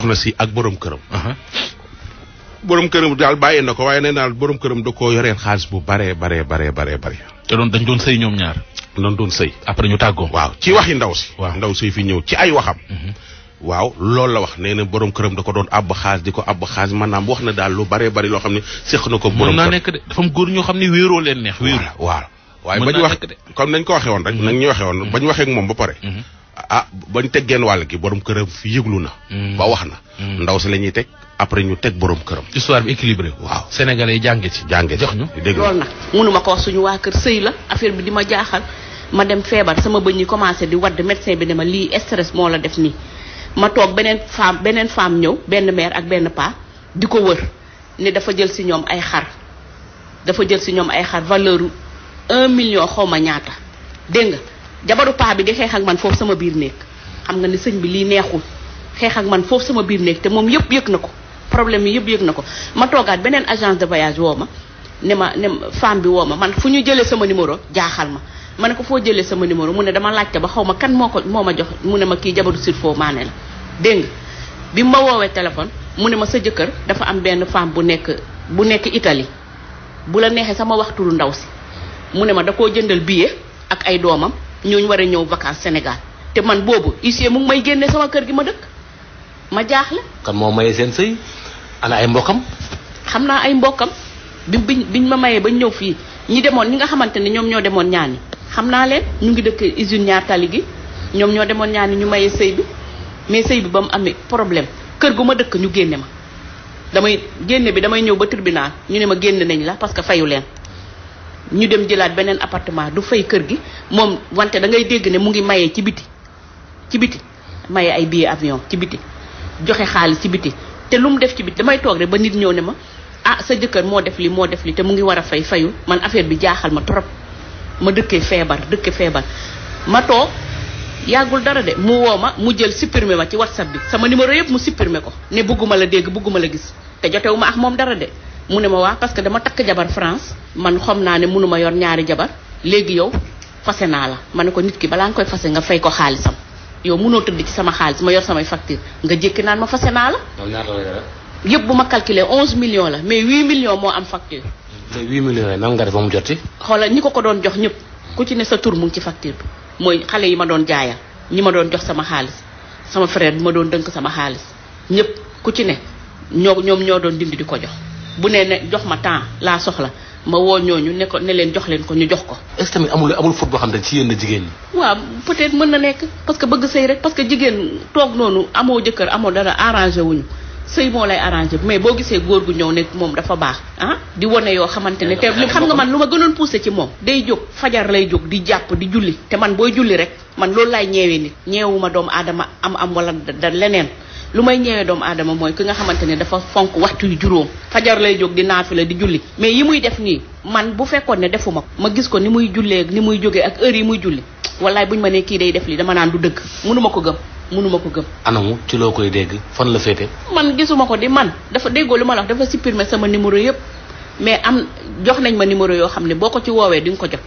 soxna si ak borom këram. borom këram daal bàyyi na ko waaye nee naa boroom këram da koo yoreen xaalis bu baree baree baree baree baree. te doon dañ doon sëy ñoom ñaar. doon doon sëy. après ñu tàggoo. waaw ci waxi ndaw si. waaw ndaw si fi ñëw ci ay waxam. Mhm. waaw loolu wax nee na borom këram da ko doon àbb xaalis di ko àbb xaalis maanaam wax daal lu baree bari loo xam ne séq na ko. borom këram mën naa nekk de dafa am góor ñoo xam ne wéeroo leen neex. wéeru waaw waaye ba ñu wax comme nañ ko waxe woon rek. Mhm. nañ ñu waxe woon bañ waxeek moom ba pare mhm. ah bañ teg genn wàll gi borom këram fi yëglu na. Mm. ba wax na. Mm. ndaw si la ñuy teg après ñu teg borom këram. histoire bi équilibré waaw sénégalais yi jànge ci. jànge jox ñu dégg loolu nag mënuma ko wax suñu waa kër sëy la affaire bi di ma jaaxal ma dem feebar sama bëñ yi commencé di wadd médecin bi ne ma lii stress moo la def nii. ma toog beneen femme beneen femme ñëw benn mère ak benn paa di ko wër ne dafa jël si ñoom ay xar dafa jël si ñoom ay xar valeur un million xaw ma ñaata jabaru paa bi di xeex man foofu sama biir néeg xam nga ni sëñ bi lii neexul xeex man foofu sama biir néeg te moom yëpp yëg na ko problème yi yëpp yëg na ko ma toogaat beneen agence de voyage woo ma ne ma ne femme bi woo ma man fu ñu jëlee sama numéro jaaxal ma ma ne ko foo jëlee sama numéro mu ne dama laajte ba xaw ma kan moo ko moo ma jox mu ne ma kii jabaru surfo maa ne la dégg bi ma woowee téléphone mu ne ma sa jëkkër dafa am benn femme bu nekk bu nekk Italie bu la neexee sama waxtu lu ndaw si mu ne ma da koo jëndal billet ak ay doomam ñooñu war a ñëw vacances Sénégal te man boobu huissier mu may génne sama kër gi ma dëkk ma jaaxle. kan moo mayee seen sëy ana ay mbokkam. xam naa ay mbokkam bi biñ biñ ma mayee ba ñëw fii ñi demoon ñi nga xamante ne ñoom ñoo demoon ñaani xam naa leen ñu ngi dëkk usine ñaar tali gi ñoom ñoo demoon ñaani ñu mayee sëy bi mais sëy bi ba mu amee problème kër gu ma dëkk ñu génne ma damay génne bi damay ñëw ba tribunal ñu ne ma génne nañ la parce que fayu leen. ñu dem jëlaat benen appartement du fay kër gi mom wante da ngay dégg ne mu ngi mayé ci biti ci biti mayé ay billet avion ci biti joxe xaal ci biti té lu def ci biti damay tok rek ba nit ñëw ne ma ah sa jëkkër mo def li mo def li té mu ngi wara fay fayu man affaire bi jaaxal ma trop ma dëkke febar, dëkke febar ma tok yagul dara de mu woma mu jël supprimer ma ci whatsapp bi sama numéro yëpp mu supprimer ko ne bëgguma la dégg bëgguma la gis té jotéwuma ak mom dara de mu ne ma waa parce que dama takk jabar France man xam naa ne mënuma yor ñaari jabar léegi yow fase naa la ma ne ko nit ki balaa nga koy fase nga fay ko xaalisam yow mënoo tëdd ci sama xaalis ma yor samay facture nga jékki naan ma fase naa la. bu ma calculer 11 millions la mais 8 millions moo am facture. mais 8 millions yi nan mu jot ci. ñi ko ko doon jox ñëpp ku sa tur mu ngi ci facture bi mooy xale yi ma doon jaayal ñi ma doon jox sama xaalis sama frère bi ma doon dënk sama xaalis ñëpp ku ci ne ñoom ñoo doon dindi di ko jox. bu nee ne jox ma temps laa soxla ma woo ñooñu ne ko ne leen jox leen ko ñu jox ko. est ce amul amul fóot boo xam ne ci yéen la jigéen ñi. waaw peut être mën na nekk parce que bëgg sëy rek parce que jigéen toog noonu amoo jëkkër amoo dara arrangé wuñu sëy moo lay arrangé mais boo gisee góor gu ñëw ne moom dafa baax ah di wane yoo xamante ne te xam nga man lu ma gënoon poussé ci moom day jóg fajar lay jóg di jàpp di julli te man booy julli rek man loolu laay ñeewee nit ñeewuma doomu aadama am am wala da leneen lu may ñëwee doom aadama mooy ki nga xamante ne dafa fonk waxtu yu juróom fajar lay jóg di naafila di julli mais yi muy def nii man bu fekkoon ne defuma ko ma gis ko ni muy jullee ni muy jógee ak heure yi muy julli wallaay buñ ma ne kii day def lii dama naan du dëgg mënuma ko gëm mënuma ko gëm anamu ci loo koy dégg fan la féete man gisuma ko di man dafa déggoo lu ma la wax sippiir supprimer sama numéro yëpp mais am jox nañ ma numéro yoo xam ne boo ko ci woowee di nga ko jot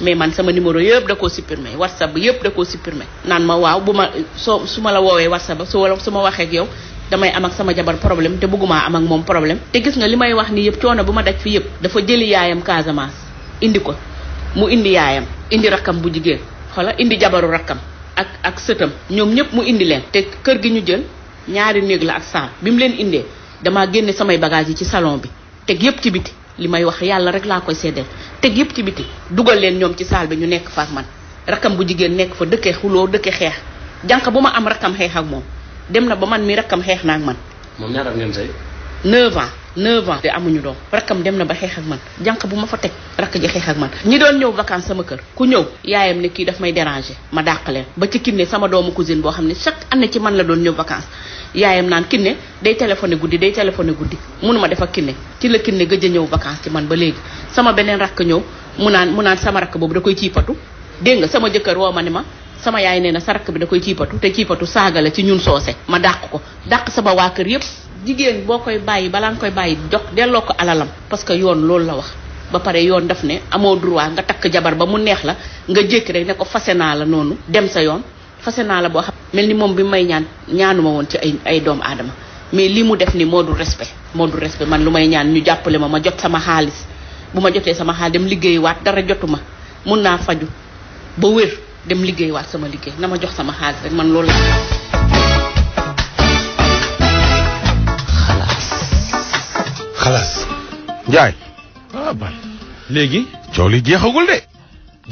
mais man sama numéro yëpp da koo supprimer whatsapp bi yëpp da koo supprimer naan ma waaw bu ma soo su ma la woowee whatsapp ba su su ma waxee ak yow damay am ak sama jabar problème te bëggumaa am ak moom problème te gis nga li may wax ni yëpp coono bu ma daj fi yëpp dafa jëli yaayam Casamance indi ko mu indi yaayam indi rakkam bu jigéen xoola indi jabaru rakkam ak ak sëtam ñoom ñëpp mu indi leen te kër gi ñu jël ñaari néeg la ak saal bi mu leen indee damaa génne samay bagage yi ci salon bi teg yëpp ci biti li may wax yàlla rek laa koy seddeel teg yëpp ci biti dugal leen ñoom ci saal bi ñu nekk fa ak man rakkam bu jigéen nekk fa dëkke xuloo dëkke xeex jànq bu ma am rakkam xeex ak moom dem na ba man mi rakkam xeex na ak man. moom ñaata ngeen say. 9 9 ans. te amuñu doom rakkam dem na ba xeex ak man jànq bu ma fa teg rakk ji xeex man ñi doon ñëw vacances sama kër ku ñëw yaayam ne kii daf may déranger ma dàq leen ba ci kinne sama doomu cousin boo xam ne chaque année ci man la doon ñëw vacances yaayam naan kinne day téléphoné guddi day téléphoné guddi munuma def ak kinne ci la kinne gëj a ñëw vacances ci man ba léegi sama beneen rakk ñëw mu naan mu naan sama rakk boobu da koy ciipatu dégg nga sama jëkkër woo ma ne ma sama yaay nee na sa rakk bi da koy ciipatu te ciipatu saaga la ci ñun soose ma dàq ko dàq sama waa kër yëpp jigéen boo koy bàyyi balaa nga koy bàyyi jox delloo ko alalam parce que yoon loolu la wax ba pare yoon daf ne amoo droit nga takk jabar ba mu neex la nga jékki rek ne ko fase naa la noonu dem sa yoon fase naa la boo xam mel ni moom bi may ñaan ñaanuma woon ci ay ay doomu aadama mais li mu def nii moo du respect moo du respect man lu may ñaan ñu jàppale ma ma jot sama xaalis bu ma jotee sama xaalis dem liggéey waat dara jotu ma mun naa faju ba wér dem liggéey waat sama liggéey na ma jox sama xaalis rek man loolu la Ndiaye. ah ba legi dia li jeexagul de.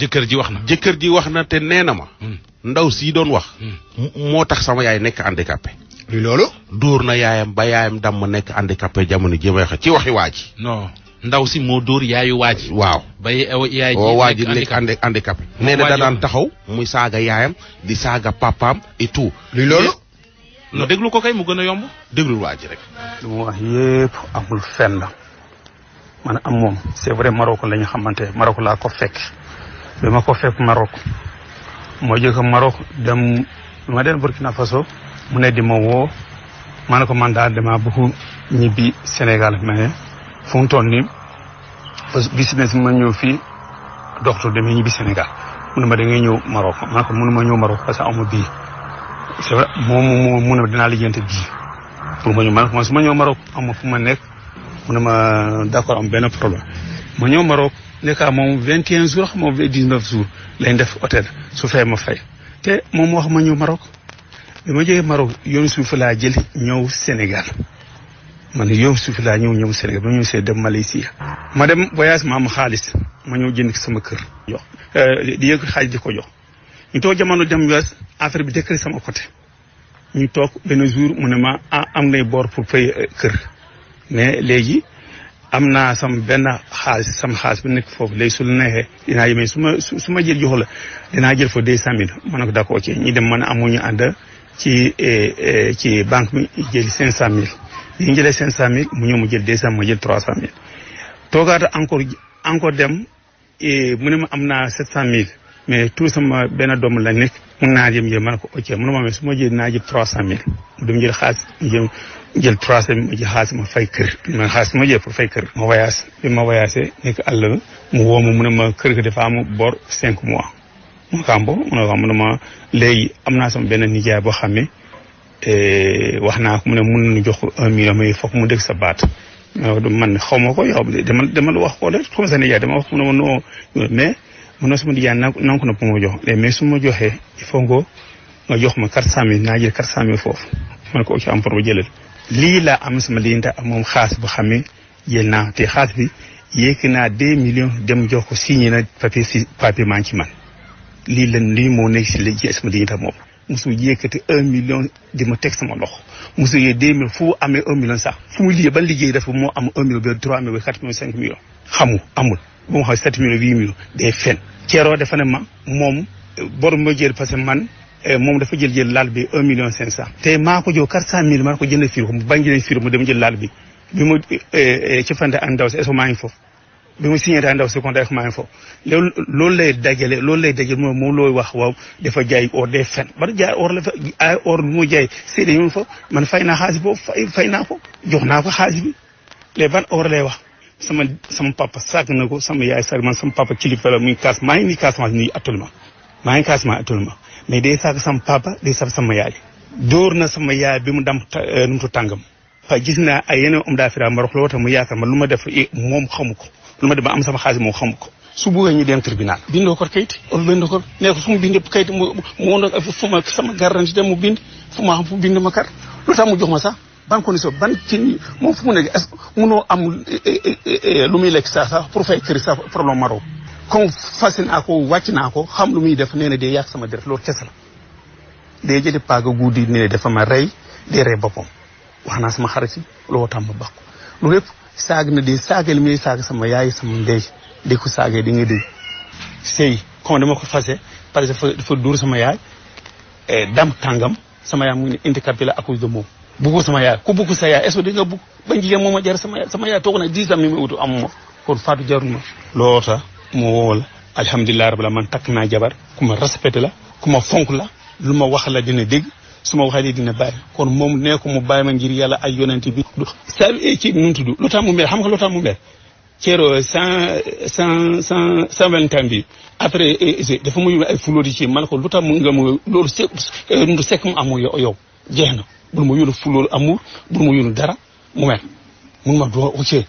Jeker ji na. ji na te nena ma. Hmm. ndaw si doon wax. Hmm. sama yaay nek handicapé. li Lilolo. Dur na yaayam ba yaayam damm ande handicapé jamono ji may ci waxi waa ji. non ndaw si moo dur yaayu Wow. ji. waaw ba yaay ji waa ji nekk andi handicapé. nee na da daan taxaw muy yaayam di saga papam et tout. li loolu. non ko kay mu gëna yomb. deglu waji rek. wax yépp amul fenn man am mom c'est vrai Maroc lañu xamanté Maroc la ko fekk bima ko fekk Maroc mo jëk Maroc dem ma dem Burkina Faso mu ne di ma wo ma ko man daal dama bëgg ñibbi Sénégal mais fu ton ni business ma ñëw fii docteur demee ñibbi Sénégal mu ne ma da ngay ñëw Maroc ma ne Maroc parce que amu bi c'est vrai mu ne bi pour ma ñu man ñëw Maroc amu fu ma nekk mu ne ma d'accord am benn problème ma ñëw Maroc nekkaa moom vingt et un jours xam moom dix neuf jours lañ def hôtel su fee ma fay moom wax ma ñëw Maroc bi ma jógee Maroc yoonu suuf laa jël ñëw Sénégal man yoonu suuf laa ñëw ñëw Sénégal ba ñëw see dem Malaysia ma dem voyage ma xaalis ma ñëw jënd sama kër jox euh, di yëg xaalis ko jox ñu toog jamono dem US affaire bi sama côté ñu toog benn jour mu ne ma ah am ngay bor pour fay euh, kër mais léegi am naa sam benn xaalis sam xaalis bu nekk foofu léegi su la neexee dinaa yemee su ma su ma jël jox la dinaa jël foofu deux cent mille ma ne ko d'accord ok ñu dem mën a amuñu ànd ci eh, eh, ci banque mi jël cinq cent ñu jëlee cinq cent mu ñëw mu jël deux cent jël trois cent mille toogaata encore encore dem eh, mun na ma am naa set cent mille mais tout sama benn doom la nekk mun naa jëm jël ma ne ko ok mu ne ma su ma jël naa jël trois cent mille mu dem jël xaalis mu jëm jël trois semaines ma ji xaalis ma fay kër ma xaalis ma jël pour fay ma voyage bi ma voyagé nekk àll mu woo ma mu ne ma kër ga dafa am bor cinq mois ma kambo mu ne mu ne ma léegi am naa sama benn nijaay boo xam ne eh, wax naa mu ne mun nañu jox ko un million mais foog mu dégg sa baat man xaw ma ko yow dama dama wax ko rek comme sa nijaay dama wax mu ne ma non mais mu a suma nijaay nangu nangu na pour jox eh, mais su ma joxee il faut nga jox ma quatre cent mille naa jël quatre cent mille foofu ma ko ci am pour ma lii laa am sama lii ndax moom xaalis bu xamee jël naa te xaalis bi yéeg naa deux millions dem jox ko signé na papier si papier maa ngi ci man lii lan lii moo nekk si li ci ta lii ndax moom. musu yëkkati un million di ma teg sama loxo musu yee deux mille fu amee un million sax fu mu liggéey ban liggéey dafa moo am un million ba trois million ba quatre million cinq million xamu amul bu ma xam sept million huit million day fen ma moom bor ma jël parce man Eh, moom dafa jël jël laal bi un million cinq cent te maa ko jox quatre cent mille maa ko jënd fiir mu bañ jëlee fiir mu dem jël laal bi bi mu eh, eh, ci fande an ndaw si est-ce que maa ngi foofu bi mu signé daa ndaw si kon maa ngi foofu loolu loolu lay dajale loolu lay dajale moom moom looy wax waaw dafa jaay or de fen bari jaay or la fa ay or bi mu jaay séedé ñoom foofu man fay naa xaalis boobu fay fay naa ko jox naa ko xaalis ban or lay wax sama sama papa sàkk na ko sama yaay sàkk man sama papa kilifa la muy caas maa ngi nii Casamance nii actuellement maa mais de saaga sama papa day saaga sama yaay. dóor na sama yaay bi mu dam euh, nu mu tudd tàngam. waaw gis naa ay yeneen homme d'affaires ma rox mu yaakaar ma lu ma def eh, moom xamu ko lu ma def am sama xaalis moom xamu ko. su bëggee ñu bindoo ko ko nee ko fu mu bind kayit mu ma sama garanti dem mu bind fu ma xam ma mu jox ma sax ban condition ban ci am eh, eh, lu muy lekk sax sax pour fay kër sax problème maro kon fasi ako ko wàcc naa ko xam lu muy def nee na dee sama def loolu kese la day jëli paaga guddi ne dafa ma rey day rey boppam wax naa sama xarit loo tam ma bakku lu yëpp saag na di saagal muy saag sama yaay sama ndey di ko saagee di nga dégg sëy kon dama ko fase parce que dafa dur sama yaay eh, dam tàngam sama yaay mu ngi handicapé la à cause bugu sama yaay ku bugu sa yaay est-ce di nga bug ba njigéen mooma jar sama yaay sama yaay toog na dix ans mi ma utu amuma kon jaruma loo tax mu woo la alhamdulilah la man takk naa jabar ku ma respecté la ku ma fonk la lu ma wax la dina dégg su ma waxee dina bàyyi kon moom nee ko mu bàyyi ma ngir yàlla ay yonent bi. sa ci nu mu tudd lu tax mu mer xam nga lu tax cent cent cent cent bi après eh, eh, dafa muy ay fulóor ko lu tax mu nga mu loolu se eh, nu sekk mu amul yow ma yónni fulóor amour bul dara mu mer mun ma doo ok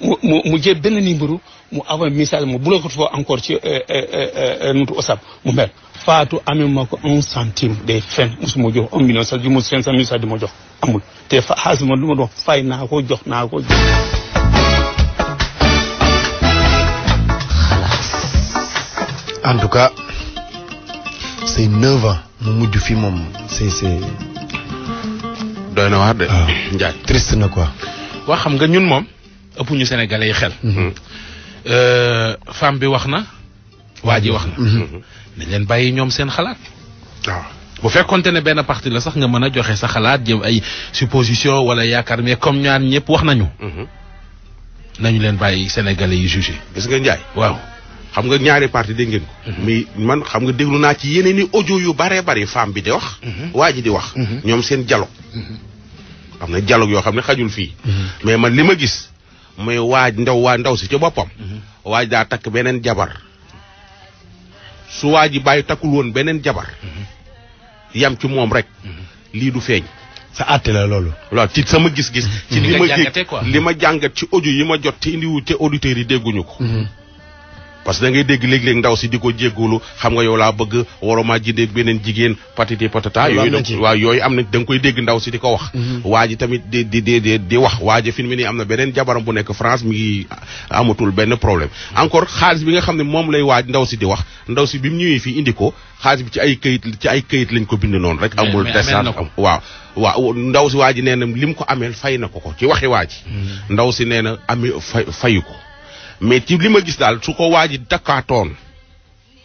mu mu jël benn numéro mu envoyé message mu bloqué ko encore ci euh, euh, euh, nutu WhatsApp mu mel Fatou amee ma ko un centime day fen mosuma jox un million sax ju ma cinq sax di ma jox amul te fa xaalis fay naa ko jox naa ko tout cas c'est neuf ans mu mujj fi moom c'est c'est. doy na waar de. Ndiaye triste na quoi. waa xam nga ñun moom. ëpp ñu sénégalais yi xel mhm. euh, femme bi wax na waa ji wax na mhm. Mhm. nañ leen bàyyi ñoom seen xalaat ah. bu fekkonte ne benn parti la sax nga mën a joxe sa xalaat jëm ay supposition wala yaakaar mais comme ñaan ñëpp wax nañu nañu leen bàyyi sénégalais yi jugé gis nga njaay waaw xam nga ñaari parti dégg ngeen ko mais man xam nga déglu naa ci yeneen i audio yu bare bare femme bi di wax waa di wax ñoom seen dialogue am na dialogue yoo xam ne xajul fii mais man li ma gis muy waaj ndaw waa ndaw si ci boppam. Mhm. waaj daa takk beneen jabar. su waaj yi bàyyi takkul woon beneen jabar. Mhm. yam ci moom rek. Mhm. lii du feeñ. sa àtte la loolu. waaw ci sama gis-gis. ci li ma li ma jàngat ci audio yi ma jot ci indiwu ci auditeurs yi dégguñu ko. parce que da dégg léeg-léeg ndaw si di ko jéggulu xam nga yow laa bëgg waruma jindéeg beneen jigéen patiti patata yooyu waaw yooyu am na da nga koy dégg ndaw si di ko wax mhm. waa ji tamit di di di wax waa ji fi mu ne am na beneen jabaram bu nekk France mi ngi amatul benn problème encore xaalis bi nga xam ne moom lay waaj ndaw si di wax ndaw si bi mu ñëwee fii indi ko xaalis bi ci ay këyit ci ay këyit lañ ko bind noonu rek amul desaan waaw waaw ndaw si waa ji nee na li mu ko ameel fay na ko ko ci waxi waa ji mhm. ndaw si nee na amee fay fayu ko mais ci lima gis dal su ko waji dakaton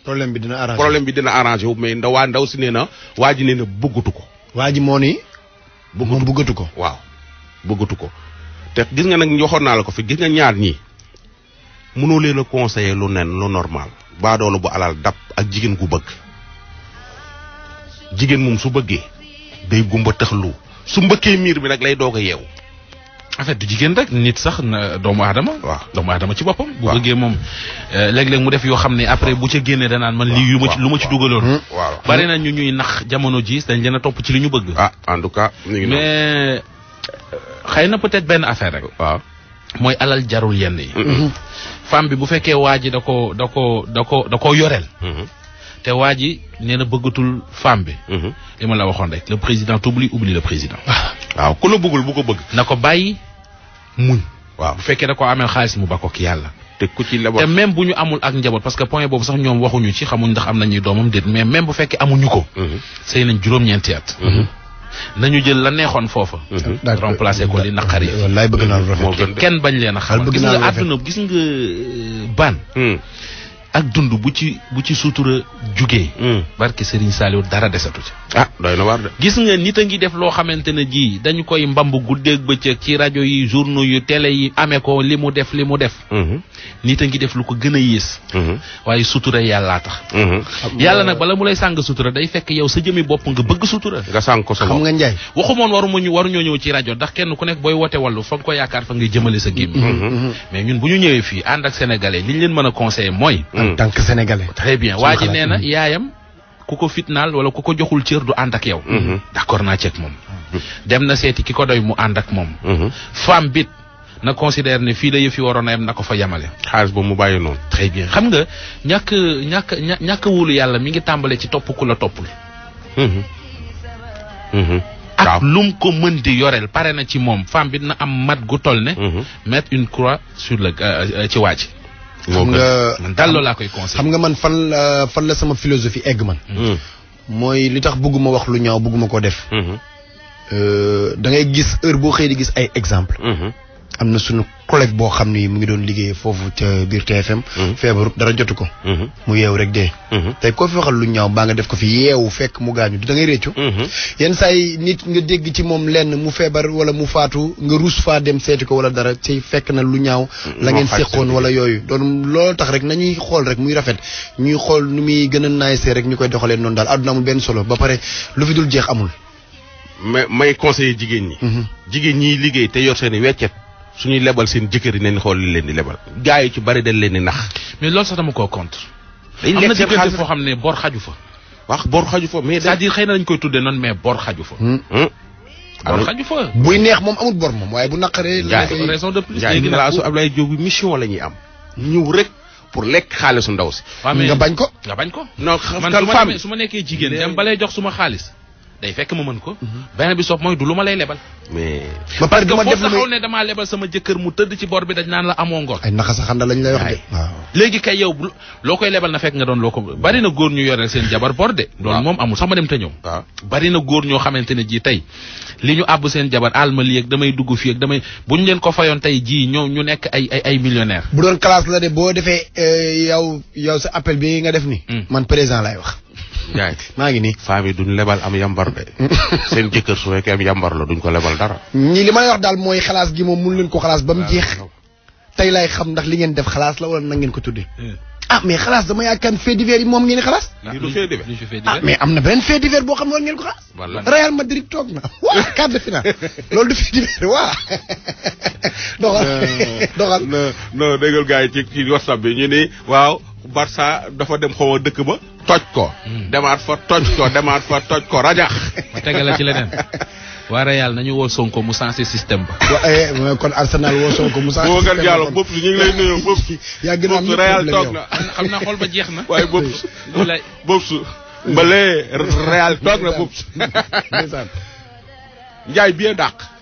problème bi dina arranger problème bi dina arranger mais ndaw bugutuko ndaw si neena waji neena ji nee na ko waa ji ni moom waaw te gis nga nak la ko fi gis nga ñaar ñi mëno leena conseiller lu nenn lu normal bu alal dab ak jigen gu bëgg jigen mum su bëgge day gumba taxlu su mbeke mir bi nak lay doga yew en du jigéen rek nit sax na doomu aadama. waaw doomu aadama ci boppam. bu bëggee moom euh, léeg-léeg mu def yoo xam ne après bu ca génnee danaan man lii yu ma ci lu ma ci dugaloon. Hmm. waaw bari na ñu ñuy nax jamono ji dañ leen topp ci li ñu bëgg. ah en tout cas. mais xëy na peut-être benn affaire rek. waaw mooy alal jarul yenn yi. Hmm. Hmm. femme bi bu fekkee waa ji da ko da ko da ko da koo yoreel. te waa ji nee na bëggatul femme bi. li ma la waxoon rek le président t'oublie oublie le président. waaw ku la bëggul bu ko bëgg. na ko bàyyi. muñ waaw bu fekkee da ko ameel xaalis mu ba ko ki yàlla te ku ci la te même bu ñu amul ak njaboot parce que point boobu sax ñoom waxuñu ci xamuñ ndax am nañuy doomam déet mais même bu fekkee amuñu ko mhm. sëy nañ juróom-ñeenti at mhm. nañu jël la neexoon foofa mhm. remplacé ko li naqari wallaay bëgg naa lu rafet kenn bañ leen a xamal gis nga àdduna gis nga euh, baan hmm. ak dund bu ci bu ci sutura jugee. Mm. barke Serigne Saliou dara desatu ci. ah doy na waar de. gis nga nit a ngi def loo xamante ne jii dañu koy mbamb guddeeg bëccëg ci rajo yi journaux yu télé yi amee ko li mu def li mu def. Mm-hmm. nit a ngi def lu ko gën a yées. Mm-hmm. waaye sutura yàllaa tax. Mm-hmm. yàlla nag bala mu lay sàng sutura day fekk yow sa jëmi bopp nga bëgg sutura. nga sàng ko sa xam nga Ndiaye. waxumoon waruñu waruñoo ñëw ci rajo ndax kenn ku nekk booy wote wallu fa nga ko yaakaar fa ngay jëmale sa gémmiñ. Mm. en tant que sénégalais. très bien waa ji nee yaayam ku ko fitnaal wala ku ko joxul cër du ànd ak yow. Mm-hmm. d'accord naa ceeg moom. Mm-hmm. dem na seeti ki ko doy mu ànd ak moom. Mm-hmm. femme bit na considère ne fii la yëf yi waroon a yem na ko fa yemale. xaalis boobu mu bàyyi noonu. très bien xam nga ñàkk ñàkk ñàkk wóolu yàlla mi ngi tàmbale ci topp ku la toppul. ak lum ko mën di yoreel pare na ci moom femme bi na am mat gu toll ne. mettre une croix sur le euh, euh, ci waa ji xam nga man daal loolu laa xam nga man fan la fan la sama philosophie egg man. Mm. Mm. mooy li tax bëgguma wax lu ñaaw bëgguma ko def. Mm-hmm. Euh, da ngay gis heure boo xëy di gis ay exemple mm-hmm. am na suñu collègue boo xam ni mu ngi doon liggéey foofu ca biir TFM. Mhm. feebaru dara jotu ko. Mhm. mu yeew rek dee. Mhm. te koo fi lu ñaaw baa nga def ko fi yeewu fekk mu gaañu da ngay réccu. yenn saa yi nit nga dégg ci moom lenn mu feebar wala mu faatu nga ruus faa dem seeti ko wala dara ci fekk na lu ñaaw. Mm, la ngeen seqoon wala yooyu. doonu loolu tax rek nañuy xool rek muy rafet ñuy xool nu muy gën a naayisee rek ñu koy doxalee noonu daal àdduna amul benn solo ba pare lu fi dul jeex amul. mais may conseiller jigéen ñi. jigéen ñiy liggéey te yor seen weccet suñuy lebal seen jëkkër yi nañ xool li leen di lebal gars yi ci bari dañ leen di nax. mais loolu sax dama koo contre. dañ lekk seen xaalis am na diggante foo xam ne bor xaju fa. wax bor xaju fa mais. c'est-à-dire xëy na dañ koy tuddee noonu mais bor xaju fa. bor xaju fa. buy neex moom amul bor moom waaye bu naqaree. raison de plus léegi nag su Ablaye Diop mission la ñuy am. ñëw rek pour lekk xaalisu ndaw si. nga bañ ko nga bañ ko. non xam nga su ma nekkee jigéen dem ba lay jox suma xaalis day fekk ma mën ko. Mhm. beneen bi soob mooy du lu ma lay lebal. mais ba pare dama def parce que ne damaa lebal sama jëkkër mu tëdd ci boor bi dañ naan la amoo ngor. ay naxa saxanda lañ lay wax de. waaw léegi kay yow loo koy lebal na fekk nga doon loo ko bari na góor ñu yoreel seen jabar bor de. loolu moom amul sama dem te ñëw. waaw bari na góor ñoo xamante ne jii tey li ñu àbb seen jabar àll ma lii damay dugg fii ak damay bu ñu leen ko fayoon tey jii ñoo ñu nekk ay ay ay millionnaire. bu doon classe la boo defee euh, yow yow sa appel bi nga def ni hmm. man président lay wax jaay maa ngi nii femme yi duñ lebal am yambar de seen jëkkër su fekkee am yambar la duñ ko lebal dara ñi li ma wax daal mooy xalaas gi moom mun leen ko xalaas ba mu ah, jeex tey xam ndax li ngeen def xalaas la wala na ngeen ko tuddee eh. ah mais xalaas dama yaakaar fait divers yi moom ngeen xalaas li ah, du ah mais am na beneen fait divers boo xam ne war ngeen ko xalaas Real Madrid toog na waa quart de finale loolu du fait divers waa doxal euh, doxal non non déggal gars yi ci ci whatsapp bi ñu ni waaw Barça dafa dem xaw dëkk ba toj ko. Hmm. demaat fa toj ko demaat fa toj ko rajax. ma tegale ci leneen. waa Real nañu woo Sonko mu sensé système ba. Eh, eh, kon Arsenal woo Sonko mu sensé système ba jàll bopp ñu ngi lay nuyoo bopp. yaa gën a na xam naa xool ba jeex na. waaye bopp su bopp su mbalee Real toog na bopp su. Njaay bien dàq.